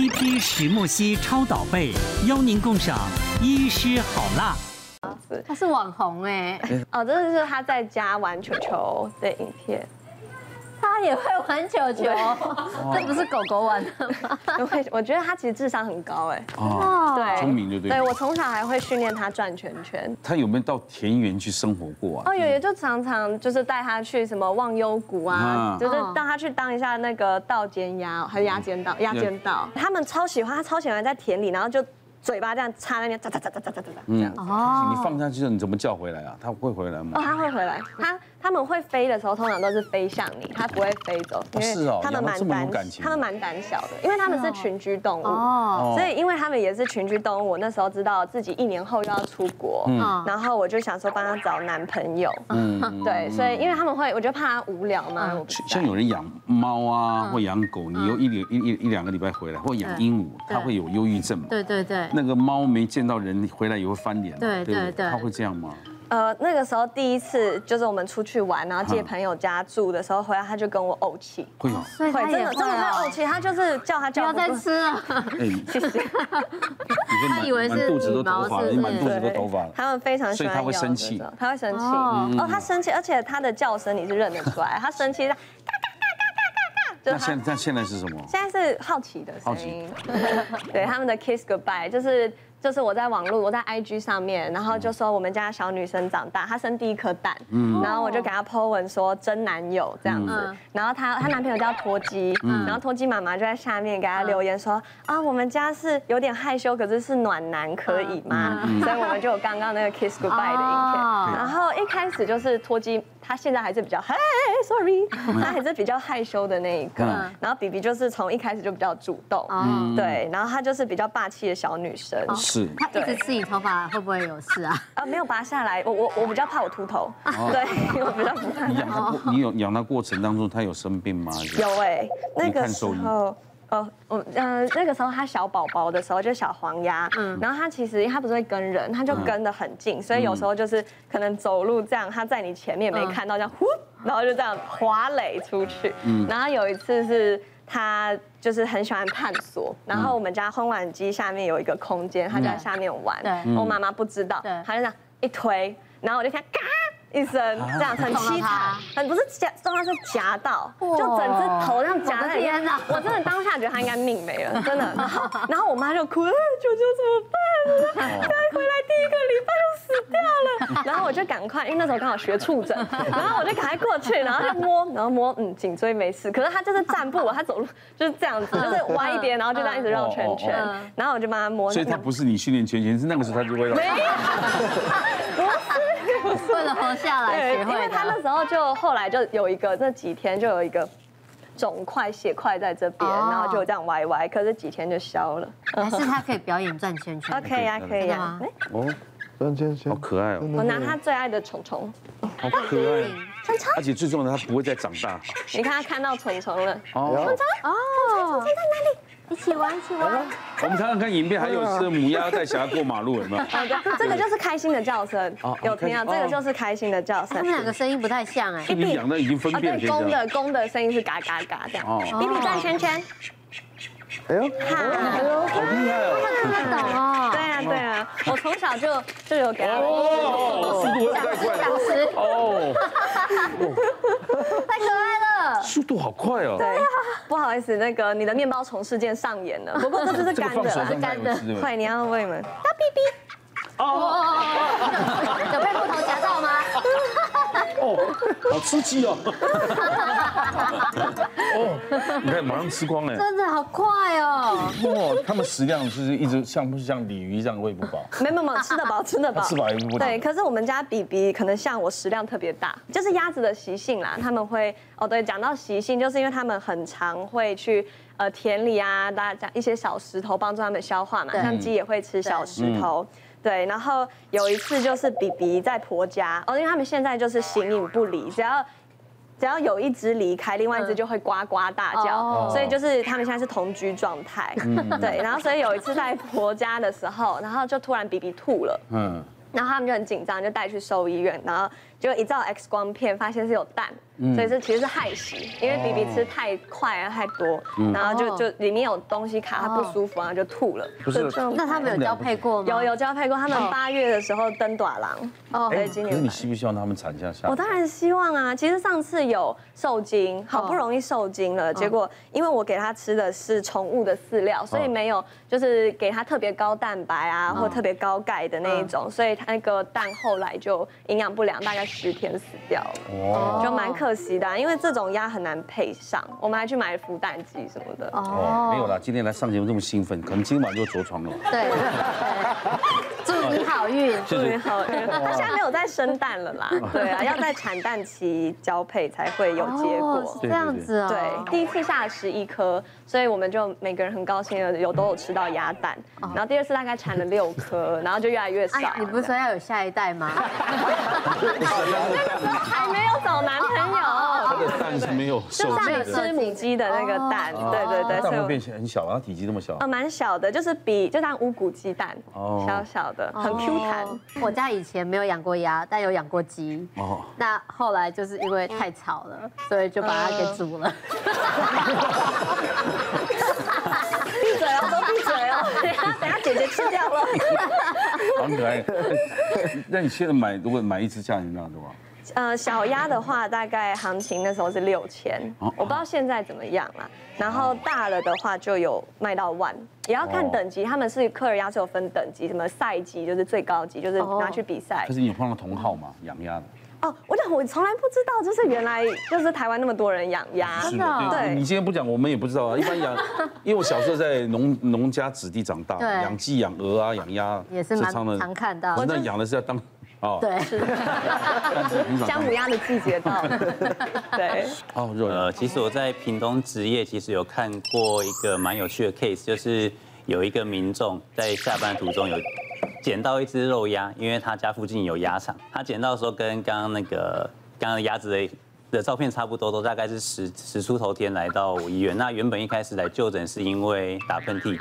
一 P 石墨烯超導被，邀您共賞醫師好辣。他是網紅哎，哦，這是他在家玩球球的影片。他也會玩球球，這不是狗狗玩的嗎？因為，我覺得他其實智商很高哎。哦，對，聰明就對。對，我從小還會訓練他轉圈圈。他有沒有到田園去生活過啊？哦，有有，就常常就是帶他去什麼忘憂谷啊，就是讓他去當一下那個稻間鴨還是鴨間稻，鴨間稻。他們超喜歡，他超喜歡在田裡，然後就嘴巴這樣插在那邊，咋咋咋咋咋咋咋，這樣。哦。你放下去了，你怎麼叫回來啊？他會回來嗎？哦，他會回來。它。他們會飛的時候，通常都是飛向你，他不會飛走。因是哦，他們蠻膽，他們蠻膽小的，因為他們是群居動物。喔、哦，所以因為他們也是群居動物，我那時候知道自己一年後又要出國，嗯、然後我就想說幫他找男朋友。嗯，對，嗯、所以因為他們會，我就怕他無聊嘛。像有人養貓啊，或養狗，你有一兩一一,一,一,一,一兩個禮拜回來，或養鸚對鵡，它會有憂鬱症。對對對。對對那個貓沒見到人回來也會翻臉。對對對，對。他會這樣嗎？呃，那個時候第一次就是我們出去玩，然後借朋友家住的時候回來，他就跟我慪氣。會嗎？會真的真的會慪氣，他就是叫他叫不要再吃了，謝謝。他以為是肚子都頭髮，滿肚子都頭髮，他們非常喜歡咬，所以他會生氣，他會生氣哦。哦，他生氣，而且他的叫聲你是認得出來，他生氣的，嘎嘎嘎嘎嘎嘎。那現那現在是什麼？現在是好奇的聲音，對他們的 kiss goodbye 就是。就是我在網絡，我在 IG 上面，然後就說我們家小女生長大，她生第一顆蛋，嗯，然後我就給她 po 文說真男友這樣子，然後她她男朋友叫脫雞，嗯，然後脫雞媽媽就在下面給她留言說啊，我們家是有點害羞，可是是暖男可以嗎？所以我們就有剛剛那個 kiss goodbye 的影片，然後一開始就是脫雞，她現在還是比較，哎哎哎，sorry，她還是比較害羞的那一個，然後 BB 就是從一開始就比較主動，嗯，對，然後她就是比較霸氣的小女生。是，他一直刺你頭髮會不會有事啊？啊，沒有拔下來，我我我比較怕我禿頭，對，我比較不怕他他你養它，你有養過程當中，他有生病嗎？有哎、欸，那個時候，我嗯，那個時候他小寶寶的時候，就小黃鴨，嗯，然後他其實他不是會跟人，他就跟得很近，所以有時候就是可能走路這樣，他在你前面沒看到這樣，然後就這樣滑壘出去，嗯，然後有一次是他。就是很喜歡探索，然後我們家烘碗機下面有一個空間，嗯、他就在下面玩。對，我媽媽不知道，對他就這樣一推，然後我就聽嘎一聲，啊、這樣很淒慘，髮很不是夾，算是夾到，喔、就整隻頭這樣夾在。我真的當下覺得他應該命沒了，真的。然後，然後我媽就哭了，求求怎麼辦？回來第一個禮拜就死掉了，然後我就趕快，因為那時候剛好學觸診，然後我就趕快過去，然後就摸，然後摸，嗯，頸椎沒事，可是他就是站不穩，他走路就是這樣子，就是歪一點，然後就這樣一直繞圈圈，然後我就幫他摸。所以他不是你訓練前前，是那個時候他就會了。沒有，不是為了活下來，因為他那時候就後來就有一個那幾天就有一個。腫塊、血塊在這邊，然後就這樣歪歪，可是幾天就消了。還是他可以表演轉圈圈？可以啊，可以啊。哦，轉圈圈，好可愛哦！我拿他最愛的蟲蟲，好可愛，蟲蟲，而且最重要的，他不會再長大。你看，他看到蟲蟲了。哦，蟲蟲，哦，蟲蟲，蟲蟲在哪裡？一起玩，一起玩。我們常常看影片，還有是母鴨帶小鴨過馬路，有沒有？對，這個就是開心的叫聲。好，有聽到，這個就是開心的叫聲。他們兩個聲音不太像哎。弟弟講的已經分辨出來了。公的公的聲音是嘎嘎嘎這樣。哦。弟弟轉圈圈。哎呦，好厲害哦！他們聽得懂啊？對啊，對啊，我從小就就有感覺。哦，速度太快，當時哦。太可愛。速度好快哦，啊！對呀，啊，不好意思，那個你的麵包蟲事件上演了。不過這不，這個，是乾的，不懂不懂，是乾的。快，你要問，你們要逼逼。哦，huh.，有被木頭夾到嗎？Oh, 哦，好吃雞哦！哦，你看，馬上吃光哎，真的好快哦！哇，他們食量就是一直像，像不像鯉魚一樣餵不飽？沒沒沒，吃得飽，吃得飽，吃飽也不飽。對，可是我們家比比可能像我食量特別大，就是鴨子的習性啦，他們會哦，對，講到習性，就是因為他們很常會去呃田裡啊，撿一些小石頭幫助他們消化嘛，對像雞也會吃小石頭。對，然後有一次就是比比在婆家，哦，因為他們現在就是形影不離，只要只要有一只離開，另外一只就會呱呱大叫，哦，所以就是他們現在是同居狀態。嗯，對，然後所以有一次在婆家的時候，然後就突然比比吐了，嗯，然後他們就很緊張，就帶去獸醫院，然後。就一照 X 光片，發現是有蛋，所以是其實是害喜，因為 B B 吃太快啊太多，然後就就裡面有東西卡它不舒服，然後就吐了。不是，那他們有交配過嗎？有有交配過，他們八月的時候登短郎，哦，所以今年。那你希不希望他們產下下？我當然希望啊。其實上次有受精，好不容易受精了，結果因為我給他吃的是寵物的飼料，所以沒有就是給他特別高蛋白啊或特別高鈣的那一種，所以他那個蛋後來就營養不良，大概。十天死掉了，oh. 就蠻可惜的啊，因為這種鴨很難配上，我們還去買孵蛋機什麼的。哦，oh. oh. 沒有啦，今天來上節目這麼興奮，可能今晚就着床了。 對。 祝你好運，祝你、就是就是、好運。他現在沒有在生蛋了啦，對啊，要在產蛋期交配才會有結果。哦、是這樣子哦，對，第一次下了十一顆，所以我們就每個人很高興都有都有吃到鴨蛋。然後第二次大概產了六顆，然後就越來越少、哎。你不是說要有下一代嗎？ 還沒有找男朋友。哦哦哦哦它的蛋是沒有，就是吃母雞的那個蛋，哦、對對對，它蛋會變成很小啊，它體積那麼小，啊蠻小的，就是比就像五穀雞蛋，小小的，很 Q 彈。哦、我家以前沒有養過鴨，但有養過雞，哦，那後來就是因為太吵了，所以就把它給煮了。閉、呃、 嘴哦、啊，都閉嘴哦、啊，等一下等下，姐姐吃掉了。 很可愛。那 你現在買，如果買一隻這樣的話？呃，小鴨的話，大概行情那時候是六千，我不知道現在怎麼樣了、啊。然後大了的話，就有賣到萬，也要看等級。他們是柯爾鴨，是有分等級，什麼賽級就是最高級，就是拿去比賽。哦、可是你有碰到同好嗎？養鴨的？嗯、哦，我講我從來不知道，就是原來就是台灣那麼多人養鴨，是的、哦。對，對 你今天不講，我們也不知道啊。一般養，因為我小時候在農農家子弟長大，養雞、養鵝啊，養鴨，也是蠻常看到。那養的是要當。哦，對，是薑母鴨的季節到了，對。哦，呃，其實我在屏東執業，其實有看過一個蠻有趣的 case，就是有一個民眾在下班途中有撿到一隻肉鴨，因為他家附近有鴨場，他撿到的時候跟剛剛那個剛剛鴨子的的照片差不多，都大概是十十出頭天來到我醫院，那原本一開始來就診是因為打噴嚏。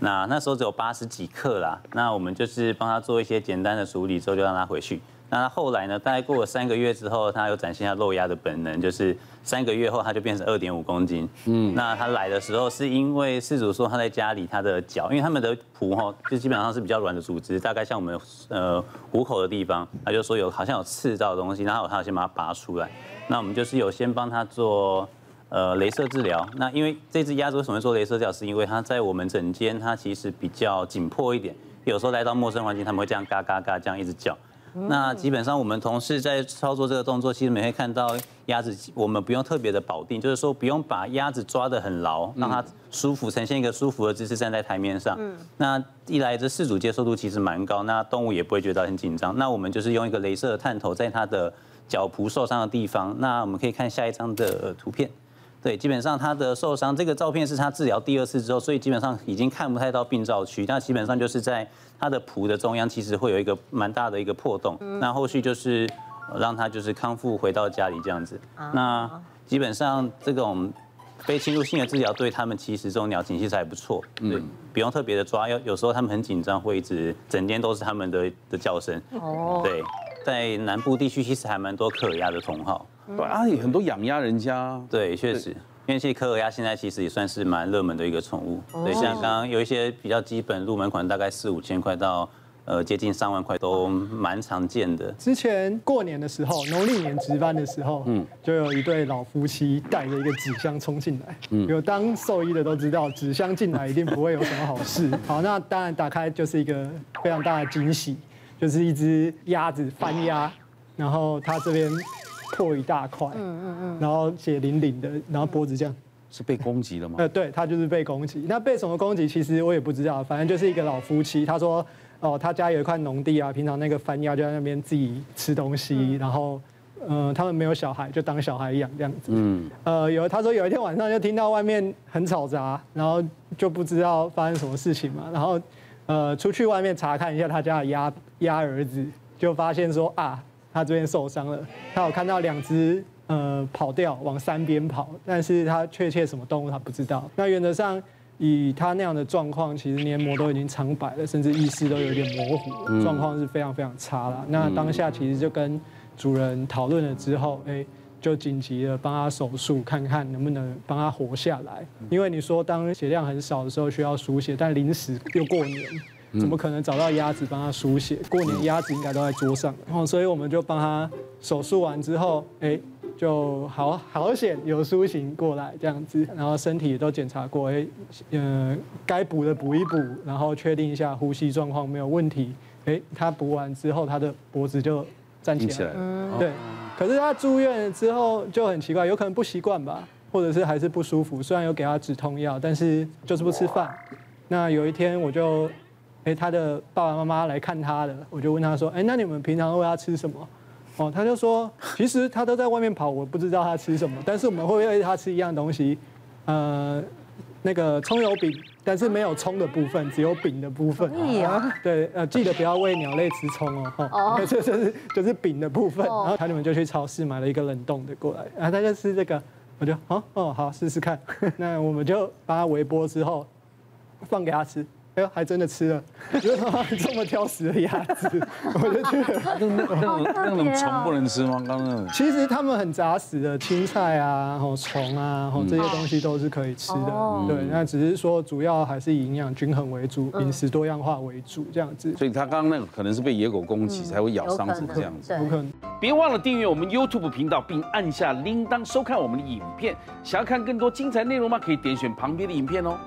那那時候只有八十幾克啦，那我們就是幫他做一些簡單的處理之後，就讓他回去。那他後來呢？大概過了三個月之後，他有展現他肉鴨的本能，就是三個月後他就變成二點五公斤。嗯，那他來的時候是因為飼主說他在家裡他的腳，因為他們的蹼後就基本上是比較軟的組織，大概像我們呃虎口的地方，他就說有好像有刺狀的東西，然後他有,他有先把它拔出來。那我們就是有先幫他做。呃，雷射治療。那因為這只鴨子為什麼會做雷射治療？是因為它在我們診間，它其實比較緊迫一點。有時候來到陌生環境，他們會這樣嘎嘎嘎這樣一直叫。嗯、那基本上我們同事在操作這個動作，其實你會看到鴨子。我們不用特別的保定，就是說不用把鴨子抓得很牢，讓它舒服，嗯、呈現一個舒服的姿勢站在台面上。嗯、那一來，這飼主接受度其實蠻高，那動物也不會覺得很緊張。那我們就是用一個雷射探頭在它的腳蹼受傷的地方。那我們可以看下一張的圖片。對，基本上他的受傷，這個照片是他治療第二次之後，所以基本上已經看不太到病灶區。那基本上就是在它的蹼的中央，其實會有一個蠻大的一個破洞。嗯、那後續就是讓他就是康復回到家裡這樣子。啊、那基本上這種非侵入性的治療對他們其實這種鳥情其實還不錯，嗯、對，不用特別的抓，有有時候他們很緊張，會一直整天都是他們的的叫聲。哦、嗯，對，在南部地區其實還蠻多可里亞的同好。對啊，有很多養鴨人家。對，確實，對因為其實柯爾鴨現在其實也算是蠻熱門的一個寵物。Oh. 對，像剛剛有一些比較基本入門款，大概四五千塊到呃接近三萬塊都蠻常見的。之前過年的時候，農曆年值班的時候，嗯，就有一對老夫妻帶着一個紙箱衝進來。嗯、有當獸醫的都知道，紙箱進來一定不會有什麼好事。 好，那當然打開就是一個非常大的驚喜，就是一隻鴨子，番鴨，然後它這邊破一大塊，嗯嗯嗯，然後血淋淋的，然後脖子這樣，是被攻擊了嗎？呃，對他就是被攻擊，那被什麼攻擊？其實我也不知道，反正就是一個老夫妻，他說，哦，他家有一塊農地啊，平常那個番鴨就在那邊自己吃東西，嗯、然後、呃，他們沒有小孩，就當小孩養這樣子，嗯，呃，有他說有一天晚上就聽到外面很吵雜，然後就不知道發生什麼事情嘛，然後，呃，出去外面查看一下他家的鴨鴨兒子，就發現說啊。他這邊受傷了，他有看到兩隻呃跑掉往山邊跑，但是他確切什麼動物他不知道。那原則上以他那樣的狀況，其實黏膜都已經蒼白了，甚至意識都有點模糊，狀況是非常非常差了。嗯、那當下其實就跟主人討論了之後，嗯欸、就緊急的幫他手術，看看能不能幫他活下來。因為你說當血量很少的時候需要輸血，但臨時又過年。怎麼可能找到鴨子幫他輸血？過年鴨子應該都在桌上，然後所以我們就幫他手術完之後，就好好險有蘇醒過來這樣子，然後身體也都檢查過，哎，嗯，該補的補一補，然後確定一下呼吸狀況沒有問題。他補完之後他的脖子就站起來了，對，可是他住院之後就很奇怪，有可能不習慣吧，或者是還是不舒服，雖然有給他止痛藥，但是就是不吃飯。那有一天我就。陪他的爸爸媽媽來看他的，我就問他說：“哎，那你們平常餵他吃什麼？”哦，他就說：“其實他都在外面跑，我不知道他吃什麼。但是我們會餵他吃一樣東西，呃，那個蔥油餅，但是沒有蔥的部分，只有餅的部分。啊啊、對呃，記得不要餵鳥類吃蔥哦。哦，就就是就是餅的部分。Oh. 然後他你們就去超市買了一個冷凍的過來，然後他就吃這個。我就哦哦，好試試看。那我們就把它微波之後放給他吃。”還真的吃了， 這麼挑食的鴨子，我就覺得那。那種那種蟲不能吃嗎？剛剛那種。嗯、其實它們很雜食的，青菜啊，然後蟲啊，然後這些東西都是可以吃的。嗯、對，那只是說主要還是以營養均衡為主，飲食多樣化為主這樣子。所以它剛剛那個可能是被野狗攻擊才會咬傷成這樣子，不可能。別忘了訂閱我們 YouTube 頻道，並按下鈴鐺收看我們的影片。想要看更多精彩內容嗎？可以點選旁邊的影片哦。